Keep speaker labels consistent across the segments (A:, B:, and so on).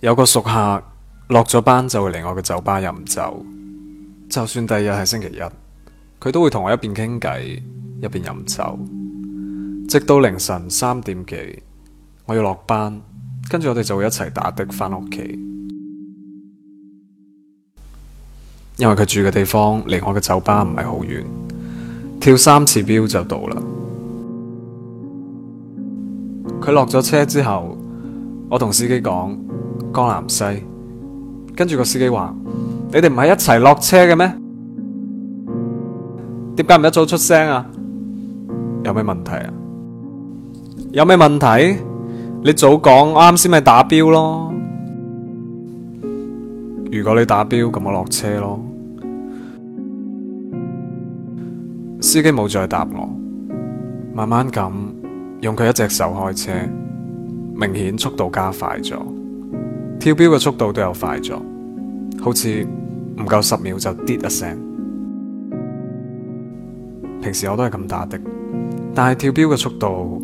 A: 有個熟客落咗班就會嚟我嘅酒吧飲酒，就算第二日係星期一，佢都會同我一邊傾偈一邊飲酒，直到凌晨三點幾，我要落班，跟住我哋就會一齊打的返屋企，因為佢住嘅地方離我嘅酒吧唔係好遠，跳三次表就到啦。佢落咗車之後，我同司機講。江南西，跟住個司機話：你哋唔係一齊落車嘅咩？點解唔一早出聲啊？有咩問題啊？有咩問題？你早講，啱先咪打表咯。如果你打表，咁我落車咯。司機冇再答我，慢慢咁用佢一隻手開車，明顯速度加快咗。跳表嘅速度都有快咗，好似唔夠十秒就跌一聲。平時我都係咁打的，但係跳表嘅速度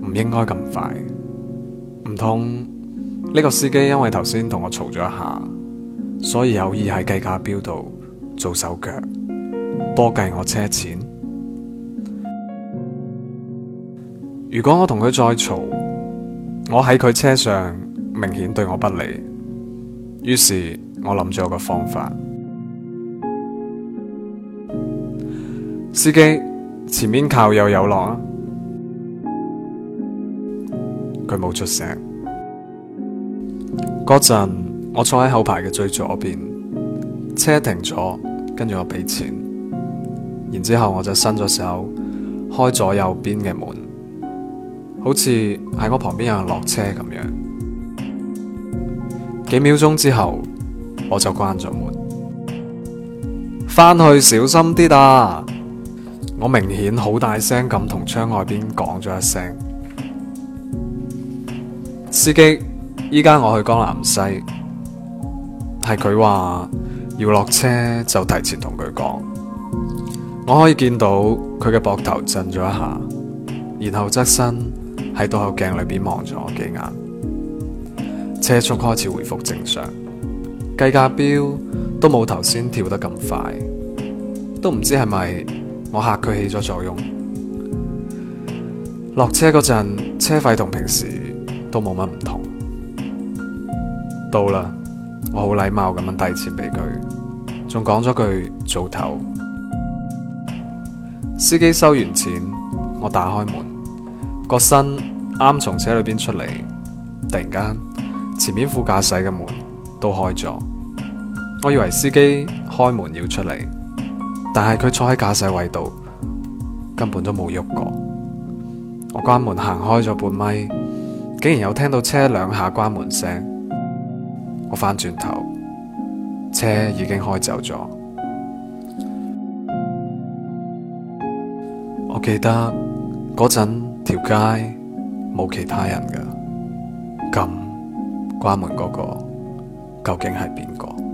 A: 唔應該咁快。唔通呢個司機因為頭先同我嘈咗一下，所以有意喺計價表度做手腳，多計我車錢。如果我同佢再嘈，我喺佢車上。明顯對我不利，於是我諗咗個方法。司機，前面靠右，右落有落啊！佢冇出聲。嗰 陣我坐喺後排嘅最左邊，車停咗，跟住我俾錢，然之後我就伸咗手開咗右邊嘅門，好似喺我旁邊有人落車咁樣。幾秒鐘之後，我就關咗門。返去小心啲啦、啊！我明顯好大聲咁同窗外邊講咗一聲。司機，依家我去江南西。係佢話要落車就提前同佢講。我可以見到佢嘅膊頭震咗一下，然後側身喺倒後鏡裏邊望咗我幾眼。車速開始回復正常，計價表都冇頭先跳得咁快，都唔知係咪我嚇佢起咗作用。落車嗰陣，車費同平時都冇乜唔同。到啦，我好禮貌咁樣遞錢俾佢，仲講咗句早唞。司機收完錢，我打開門，個身啱從車裏邊出嚟，突然間。前面副駕駛嘅門都開咗，我以為司機開門要出嚟，但係佢坐喺駕駛位度，根本都冇喐過。我關門行開咗半米，竟然有聽到車兩下關門聲。我返轉頭，車已經開走咗。我記得嗰陣條街冇其他人㗎，咁關門嗰個究竟係邊個？